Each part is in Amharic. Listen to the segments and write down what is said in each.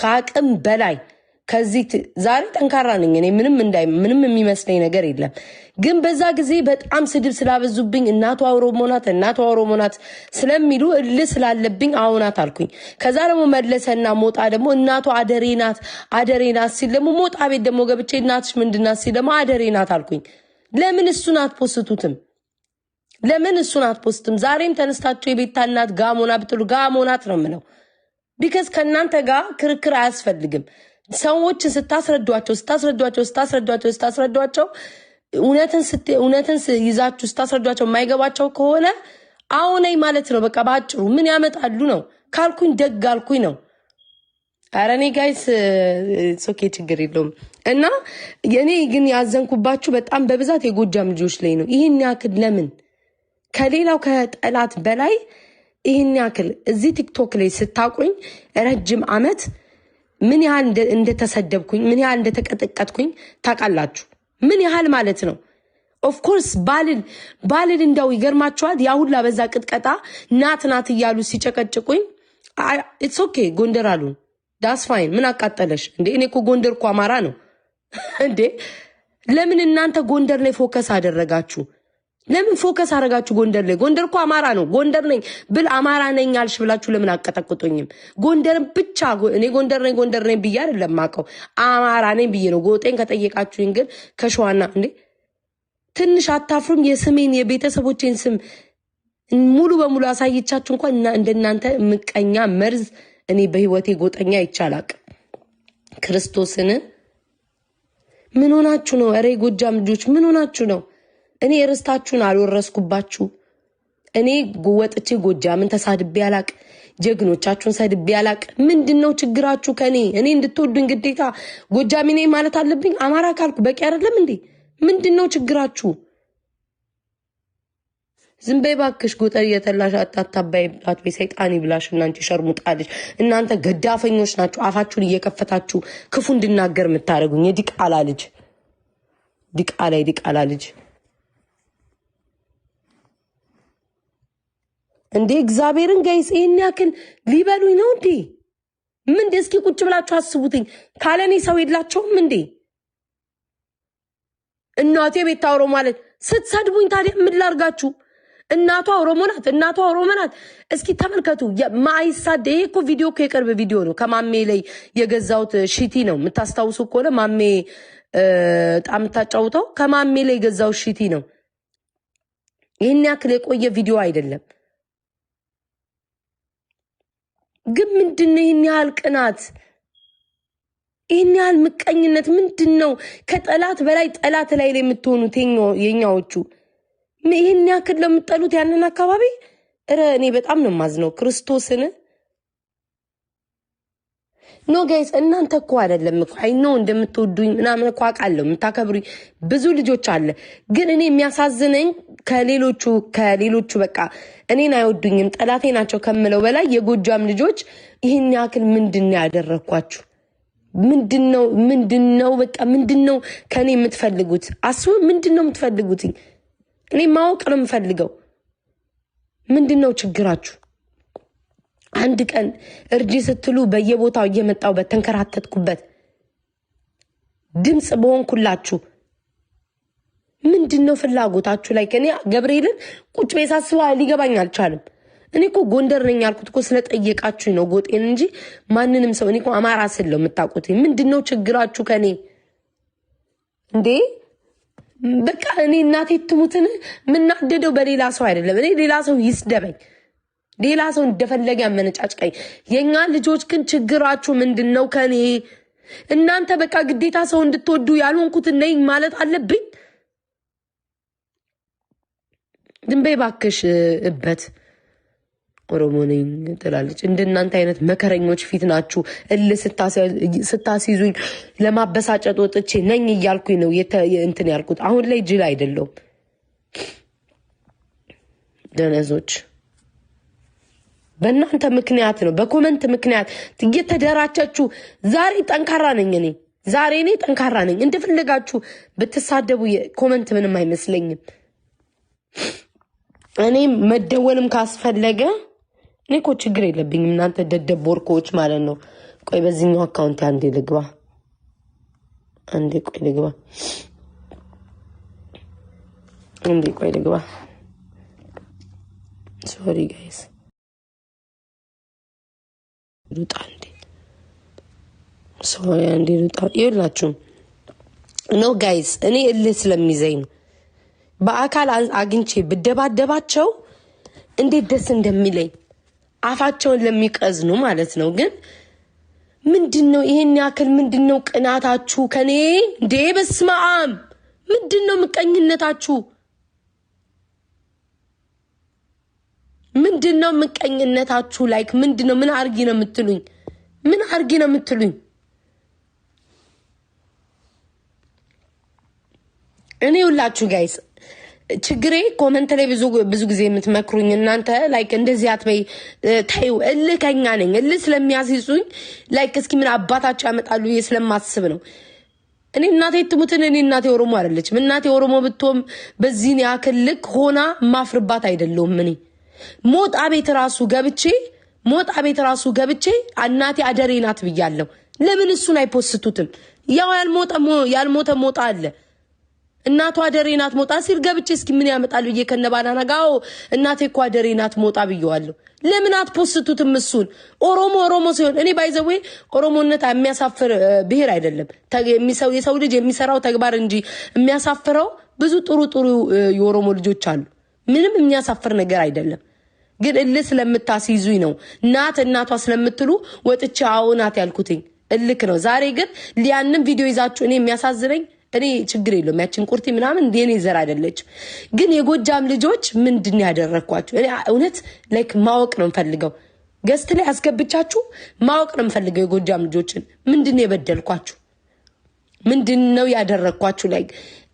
ከአቅም በላይ ከዚህ ዛሬ ጠንካራ ነኝ እኔ ምንም እንዳይ ምንም የሚመስለኝ ነገር የለም። ግን በዛ ጊዜ በጣም ስድብ ስላበዙብኝ እናቷ ኦሮሞ ናት፣ እናቷ ኦሮሞ ናት ስለሚሉ እል ስላለብኝ አዎናት አልኩኝ። ከዛ ደግሞ መለሰና ሞጣ ደግሞ እናቷ አደሬ ናት፣ አደሬ ናት ሲል ደግሞ ሞጣ ቤት ደግሞ ገብቼ እናትሽ ምንድን ናት ሲል ደግሞ አደሬ ናት አልኩኝ። ለምን እሱን አትፖስቱትም? ለምን እሱን አትፖስትም? ዛሬም ተነስታችሁ የቤታ እናት ጋሞና ብትሉ ጋሞናት ነው የምለው። ቢከስ ከእናንተ ጋር ክርክር አያስፈልግም። ሰዎችን ስታስረዷቸው ስታስረዷቸው ስታስረዷቸው ስታስረዷቸው እውነትን ይዛችሁ ስታስረዷቸው የማይገባቸው ከሆነ አሁነኝ ማለት ነው። በቃ በአጭሩ ምን ያመጣሉ ነው ካልኩኝ ደግ አልኩኝ ነው። አረ እኔ ጋይስ ሶኬ ችግር የለውም። እና እኔ ግን ያዘንኩባችሁ በጣም በብዛት የጎጃም ልጆች ላይ ነው። ይህን ያክል ለምን ከሌላው ከጠላት በላይ ይህን ያክል እዚህ ቲክቶክ ላይ ስታቁኝ ረጅም አመት ምን ያህል እንደተሰደብኩኝ ምን ያህል እንደተቀጠቀጥኩኝ ታውቃላችሁ። ምን ያህል ማለት ነው። ኦፍኮርስ ባልን ባልን እንዳው ይገርማችኋል። ያ ሁላ በዛ ቅጥቀጣ ናት ናት እያሉ ሲጨቀጭቁኝ ኢትስ ኦኬ ጎንደር አሉን። ዳስ ፋይን ምን አቃጠለሽ እንዴ? እኔ እኮ ጎንደር እኮ አማራ ነው እንዴ? ለምን እናንተ ጎንደር ላይ ፎከስ አደረጋችሁ? ለምን ፎከስ አረጋችሁ ጎንደር ላይ? ጎንደር እኮ አማራ ነው። ጎንደር ነኝ ብል አማራ ነኝ አልሽ ብላችሁ ለምን አቀጠቅጡኝም? ጎንደርን ብቻ እኔ ጎንደር ነኝ ጎንደር ነኝ ብዬ አይደለም የማውቀው አማራ ነኝ ብዬ ነው። ጎጤን ከጠየቃችሁኝ ግን ከሸዋና እንዴ ትንሽ አታፍሩም? የስሜን የቤተሰቦቼን ስም ሙሉ በሙሉ አሳይቻችሁ እንኳን እንደናንተ ምቀኛ መርዝ እኔ በህይወቴ ጎጠኛ ይቻላቅ ክርስቶስን ምን ሆናችሁ ነው? ኧረ ጎጃም ልጆች ምን ሆናችሁ ነው? እኔ ርስታችሁን አልወረስኩባችሁ። እኔ ወጥቼ ጎጃምን ተሳድቤ አላቅ፣ ጀግኖቻችሁን ሰድቤ አላቅ። ምንድን ነው ችግራችሁ ከእኔ? እኔ እንድትወዱኝ ግዴታ ጎጃሜ ነኝ ማለት አለብኝ? አማራ ካልኩ በቂ አይደለም እንዴ? ምንድን ነው ችግራችሁ? ዝም በይ እባክሽ። ጎጠር እየተላሽ አታታባይ ብላት ቤ ሰይጣን ይብላሽ። እናንቺ ሸርሙጣለሽ። እናንተ ገዳፈኞች ናችሁ። አፋችሁን እየከፈታችሁ ክፉ እንድናገር የምታደርጉኝ የዲቃላ ልጅ ዲቃላ ዲቃላ ልጅ እንዴ እግዚአብሔርን ገይጽ ይህን ያክል ሊበሉኝ ነው እንዴ? ምን እስኪ ቁጭ ብላችሁ አስቡትኝ። ካለኔ ሰው የላቸውም እንዴ? እናቴ ቤት አውሮ ማለት ስትሰድቡኝ፣ ታዲያ ምን ላርጋችሁ? እናቷ ኦሮሞ ናት፣ እናቷ ኦሮሞ ናት። እስኪ ተመልከቱ። ማይሳደ ይሄ እኮ ቪዲዮ እኮ የቅርብ ቪዲዮ ነው። ከማሜ ላይ የገዛሁት ሽቲ ነው። የምታስታውሱ ከሆነ ማሜ ጣም የምታጫውተው ከማሜ ላይ የገዛሁት ሽቲ ነው። ይህን ያክል የቆየ ቪዲዮ አይደለም። ግን ምንድን ነው ይህን ያህል ቅናት? ይህን ያህል ምቀኝነት ምንድን ነው? ከጠላት በላይ ጠላት ላይ ላይ የምትሆኑት የኛዎቹ ይህን ያክል ለምጠሉት ያንን አካባቢ እረ እኔ በጣም ነው የማዝነው ክርስቶስን። ኖ ጋይስ እናንተ እኮ አይደለም እኮ አይ ኖ እንደምትወዱኝ ምናምን እኮ አውቃለሁ፣ የምታከብሩኝ ብዙ ልጆች አለ። ግን እኔ የሚያሳዝነኝ ከሌሎቹ ከሌሎቹ በቃ እኔን አይወዱኝም ጠላቴ ናቸው ከምለው በላይ የጎጃም ልጆች ይህን ያክል ምንድን ነው ያደረግኳችሁ? ምንድን ነው ምንድን ነው በቃ ምንድን ነው ከእኔ የምትፈልጉት? አስቡ፣ ምንድን ነው የምትፈልጉት? እኔ ማወቅ ነው የምፈልገው። ምንድን ነው ችግራችሁ? አንድ ቀን እርጅ ስትሉ በየቦታው እየመጣው በተንከራተትኩበት ድምፅ በሆንኩላችሁ ምንድን ነው ፍላጎታችሁ? ላይ ከኔ ገብርኤልን ቁጭ ቤት ሊገባኝ አልቻለም። እኔ እኮ ጎንደር ነኝ ያልኩት እኮ ስለጠየቃችሁኝ ነው ጎጤን እንጂ ማንንም ሰው እኔ እኮ አማራ ስለው ነው የምታውቁት። ምንድን ነው ችግራችሁ ከኔ እንዴ? በቃ እኔ እናቴ ትሙትን የምናደደው በሌላ ሰው አይደለም። እኔ ሌላ ሰው ይስደበኝ፣ ሌላ ሰው እንደፈለገ ያመነጫጭቀኝ። የእኛ ልጆች ግን ችግራችሁ ምንድን ነው ከኔ እናንተ በቃ ግዴታ ሰው እንድትወዱ ያልሆንኩት ነኝ ማለት አለብኝ። ድንበይ በይ እበት ኦሮሞ ነኝ ትላለች። እንደናንተ አይነት መከረኞች ፊት ናችሁ። እል ስታስይዙኝ ለማበሳጨት ወጥቼ ነኝ እያልኩኝ ነው እንትን ያልኩት። አሁን ላይ ጅል አይደለሁም። ደነዞች በእናንተ ምክንያት ነው፣ በኮመንት ምክንያት እየተደራቻችሁ። ዛሬ ጠንካራ ነኝ እኔ ዛሬ እኔ ጠንካራ ነኝ። እንደፈለጋችሁ ብትሳደቡ ኮመንት ምንም አይመስለኝም። እኔም መደወልም ካስፈለገ እኔ እኮ ችግር የለብኝም። እናንተ ደደብ ቦርኮዎች ማለት ነው። ቆይ በዚህኛው አካውንት አንዴ ልግባ፣ አንዴ ቆይ ልግባ፣ አንዴ ቆይ ልግባ። ሶሪ ጋይስ ሉጣ እንዴ ሶሪ አንዴ ሉጣ። ይላችሁም ኖ ጋይስ። እኔ እልህ ስለሚዘኝ ነው በአካል አግኝቼ ብደባደባቸው እንዴት ደስ እንደሚለኝ አፋቸውን ለሚቀዝኑ ማለት ነው። ግን ምንድን ነው ይሄን ያክል ምንድን ነው ቅናታችሁ ከኔ እንዴ? በስማም ምንድን ነው ምቀኝነታችሁ? ምንድን ነው ምቀኝነታችሁ? ላይክ ምንድን ነው ምን አርጊ ነው የምትሉኝ? ምን አርጊ ነው የምትሉኝ? እኔ ሁላችሁ ጋይስ ችግሬ ኮመንት ላይ ብዙ ብዙ ጊዜ የምትመክሩኝ እናንተ ላይክ እንደዚህ አትበይ ታዩ እልህ ከኛ ነኝ እል ስለሚያስይዙኝ ላይክ እስኪ ምን አባታቸው ያመጣሉ ስለማስብ ነው። እኔ እናቴ ትሙትን እኔ እናቴ ኦሮሞ አይደለችም። እናቴ ኦሮሞ ብትሆን በዚህን ያክል ልክ ሆና ማፍርባት አይደለውም። እኔ ሞጣ ቤት ራሱ ገብቼ ሞጣ ቤት ራሱ ገብቼ እናቴ አደሬ ናት ብያለሁ። ለምን እሱን አይፖስቱትም? ያው ያልሞተ ሞጣ አለ እናቷ አደሬ ናት ሞጣ ሲል ገብቼ እስኪ ምን ያመጣል ብዬ ከነባና ባናና እናቴ እኮ አደሬ ናት ሞጣ ብየዋለሁ። ለምን አትፖስቱትም? እሱን ኦሮሞ ኦሮሞ ሲሆን እኔ ባይዘዌ ኦሮሞነት የሚያሳፍር ብሔር አይደለም። የሰው ልጅ የሚሰራው ተግባር እንጂ የሚያሳፍረው ብዙ ጥሩ ጥሩ የኦሮሞ ልጆች አሉ። ምንም የሚያሳፍር ነገር አይደለም። ግን እልህ ስለምታስይዙኝ ነው ናት እናቷ ስለምትሉ ወጥቼ አዎ ናት ያልኩትኝ እልክ ነው። ዛሬ ግን ሊያንም ቪዲዮ ይዛችሁ እኔ የሚያሳዝነኝ እኔ ችግር የለውም ያችን ቁርቲ ምናምን የኔ ዘር አይደለችም። ግን የጎጃም ልጆች ምንድን ያደረግኳቸው እኔ እውነት ላይክ ማወቅ ነው ምፈልገው። ገስት ላይ አስገብቻችሁ ማወቅ ነው ምፈልገው። የጎጃም ልጆችን ምንድን የበደልኳችሁ ምንድን ነው ያደረግኳችሁ? ላይ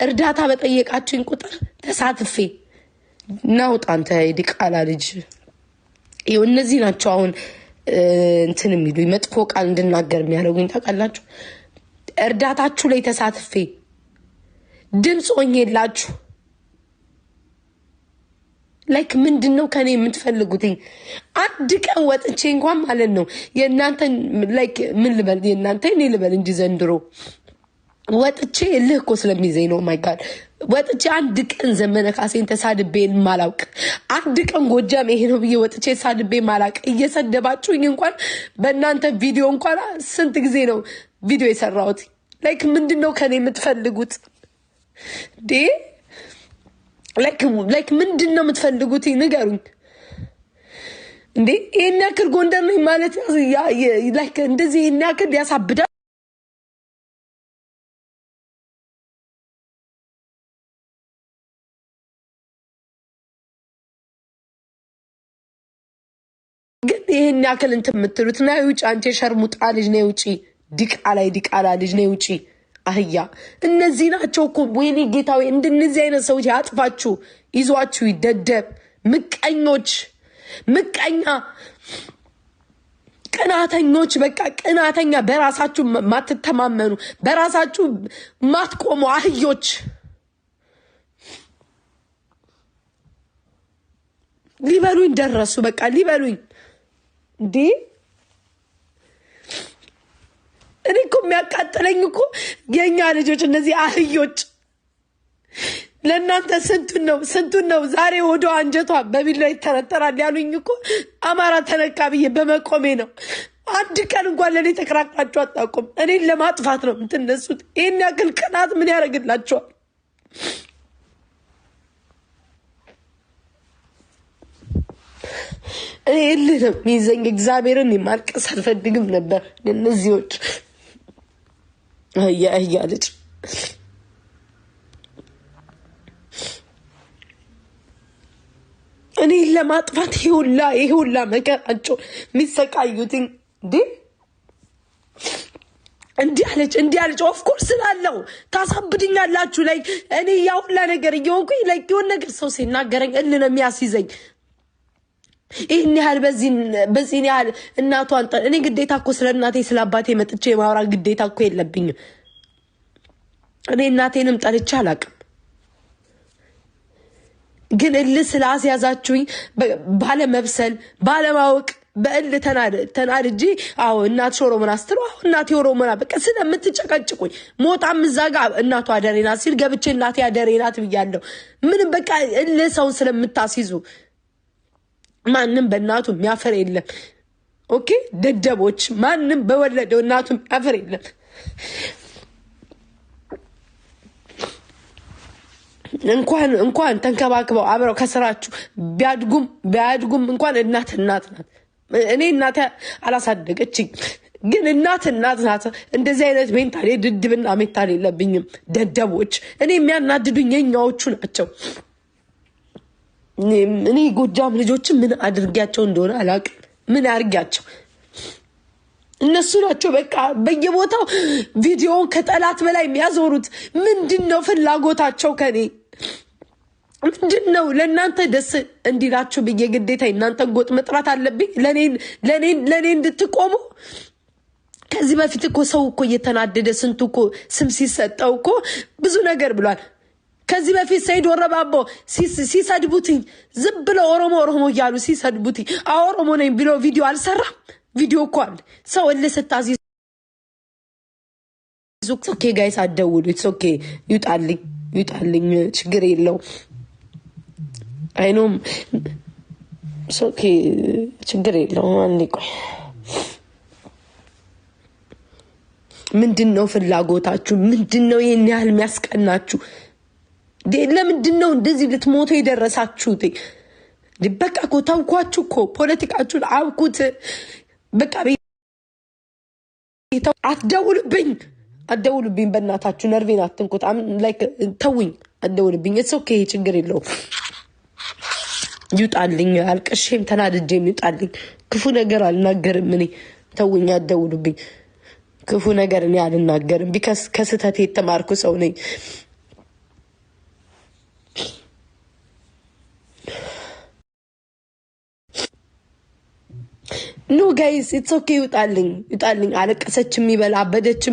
እርዳታ በጠየቃችሁኝ ቁጥር ተሳትፌ ናውጣ አንተ ዲቃላ ልጅ ይኸው እነዚህ ናቸው አሁን እንትን የሚሉኝ መጥፎ ቃል እንድናገር የሚያደርጉኝ ታውቃላችሁ። እርዳታችሁ ላይ ተሳትፌ ድምፅ ሆኜላችሁ ላይክ ምንድን ነው ከኔ የምትፈልጉትኝ? አንድ ቀን ወጥቼ እንኳን ማለት ነው የእናንተ ላይክ ምን ልበል የእናንተ እኔ ልበል እንጂ ዘንድሮ ወጥቼ እልህ እኮ ስለሚዘኝ ነው። ማይ oh ጋድ ወጥቼ አንድ ቀን ዘመነ ካሴን ተሳድቤ ማላውቅ፣ አንድ ቀን ጎጃም ይሄ ነው ብዬ ወጥቼ ተሳድቤ ማላውቅ። እየሰደባችሁኝ እንኳን በእናንተ ቪዲዮ እንኳን ስንት ጊዜ ነው ቪዲዮ የሰራሁት? ላይክ ምንድን ነው ከኔ የምትፈልጉት? ዴ ላይክ ምንድን ነው የምትፈልጉት? ንገሩኝ እንዴ! ይህን ያክል ጎንደር ነኝ ማለት ላይክ እንደዚህ ይህን ያክል ያሳብዳል። ይህን ያክል እንትን የምትሉት ና ውጭ፣ አንቺ የሸርሙጣ ልጅ ነ ውጪ፣ ዲቃላይ ዲቃላ ልጅ ነ ውጪ አህያ እነዚህ ናቸው እኮ። ወይኔ ጌታ ወይ እንደነዚህ አይነት ሰዎች ያጥፋችሁ፣ ይዟችሁ ይደደብ። ምቀኞች፣ ምቀኛ፣ ቅናተኞች፣ በቃ ቅናተኛ፣ በራሳችሁ ማትተማመኑ፣ በራሳችሁ ማትቆሙ አህዮች። ሊበሉኝ ደረሱ፣ በቃ ሊበሉኝ እንዴ እኔ እኮ የሚያቃጥለኝ እኮ የእኛ ልጆች እነዚህ አህዮች ለእናንተ ስንቱን ነው ስንቱን ነው ዛሬ ወደ አንጀቷ በቢላ ይተረጠራል ያሉኝ እኮ አማራ ተነቃ ብዬ በመቆሜ ነው። አንድ ቀን እንኳን ለእኔ ተከራክራችሁ አታውቁም። እኔን ለማጥፋት ነው የምትነሱት። ይህን ያክል ቅናት ምን ያደርግላቸዋል? እልህ ነው የሚይዘኝ። እግዚአብሔርን የማልቀስ አልፈልግም ነበር እነዚዎች የእህያ ልጅ እኔ ለማጥፋት ይሁላ ይሁላ መከራቸው የሚሰቃዩትኝ እንዴ እንዲህ አለች እንዲህ አለች። ኦፍኮርስ ስላለው ታሳብድኛላችሁ ላይ እኔ ያሁላ ነገር እየሆንኩኝ ላይ የሆን ነገር ሰው ሲናገረኝ እልህ ነው የሚያስይዘኝ። ይህን ያህል በዚህን ያህል እናቷን ጠ እኔ ግዴታ እኮ ስለ እናቴ ስለ አባቴ መጥቼ የማውራት ግዴታ እኮ የለብኝም። እኔ እናቴንም ጠልቼ አላቅም። ግን እል ስለ አስያዛችሁኝ ባለመብሰል ባለማወቅ በእልህ ተናድጄ፣ አዎ እናትሽ ኦሮሞና ስትሉ አሁ እናቴ ኦሮሞና በቃ ስለምትጨቀጭቁኝ፣ ሞጣም እዛ ጋ እናቱ አደሬናት ሲል ገብቼ እናቴ አደሬናት ብያለሁ። ምንም በቃ እል ሰውን ስለምታስይዙ ማንም በእናቱ የሚያፈር የለም። ኦኬ ደደቦች፣ ማንም በወለደው እናቱ የሚያፈር የለም። እንኳን እንኳን ተንከባክበው አብረው ከስራችሁ ቢያድጉም ቢያድጉም እንኳን እናት እናት ናት። እኔ እናት አላሳደገችኝ፣ ግን እናት እናት ናት። እንደዚህ አይነት ሜንታሌ ድድብና ሜንታሌ የለብኝም። ደደቦች እኔ የሚያናድዱኝ የኛዎቹ ናቸው። እኔ ጎጃም ልጆችን ምን አድርጊያቸው እንደሆነ አላውቅም። ምን አድርጊያቸው እነሱ ናቸው በቃ በየቦታው ቪዲዮውን ከጠላት በላይ የሚያዞሩት። ምንድን ነው ፍላጎታቸው ከኔ ምንድን ነው? ለእናንተ ደስ እንዲላችሁ ብዬ ግዴታ እናንተን ጎጥ መጥራት አለብኝ ለእኔ እንድትቆሙ። ከዚህ በፊት እኮ ሰው እኮ እየተናደደ ስንቱ እኮ ስም ሲሰጠው እኮ ብዙ ነገር ብሏል። ከዚህ በፊት ሰይድ ወረባቦ ሲሰድቡትኝ ዝም ብለው ኦሮሞ ኦሮሞ እያሉ ሲሰድቡትኝ አኦሮሞ ነኝ ብሎ ቪዲዮ አልሰራም። ቪዲዮ እኮ አለ። ሰው እልህ ስታዚ ኦኬ ጋይስ አደውሉ ኢትስ ኦኬ ይውጣልኝ፣ ይውጣልኝ፣ ችግር የለው አይኖም ኦኬ ችግር የለው። አንዴ ቆይ ምንድን ነው ፍላጎታችሁ? ምንድን ነው ይህን ያህል የሚያስቀናችሁ? ለምንድን ነው እንደዚህ ልትሞቶ የደረሳችሁት? በቃ እኮ ታውኳችሁ እኮ ፖለቲካችሁን አብኩት። በቃ አትደውልብኝ፣ አትደውልብኝ፣ በእናታችሁ ነርቬን አትንኩት። ተውኝ፣ አትደውልብኝ። እሰው ይሄ ችግር የለውም ይውጣልኝ። አልቅሼም ተናድጄም ይውጣልኝ። ክፉ ነገር አልናገርም እኔ። ተውኝ፣ አትደውልብኝ። ክፉ ነገር እኔ አልናገርም። ቢከስ ከስህተት የተማርኩ ሰው ነኝ። ኑ ጋይስ ኢትስ ኦኬ ይውጣልኝ፣ ይውጣልኝ። አለቀሰች፣ የሚበላ አበደች